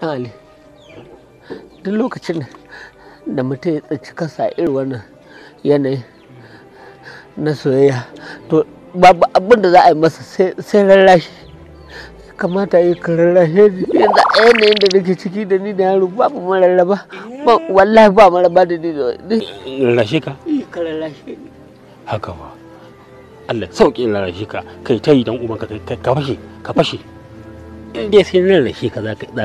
ali duk lokacin da mutum ya tsinci kasa irin wannan yanayi na soyayya to babu abin da za a yi masa sai rarrashi kamata yi ka rarrashe ni yanzu a yanayin da nake ciki da ni da yaro babu mararraba wallahi ba mararraba da ni da wani rarrashe ka? ka rarrashe haka ba Allah sauƙi rarrashe ka kai ta yi don ubanka ka fashe ka fashe in dai sai rarrashe ka za ka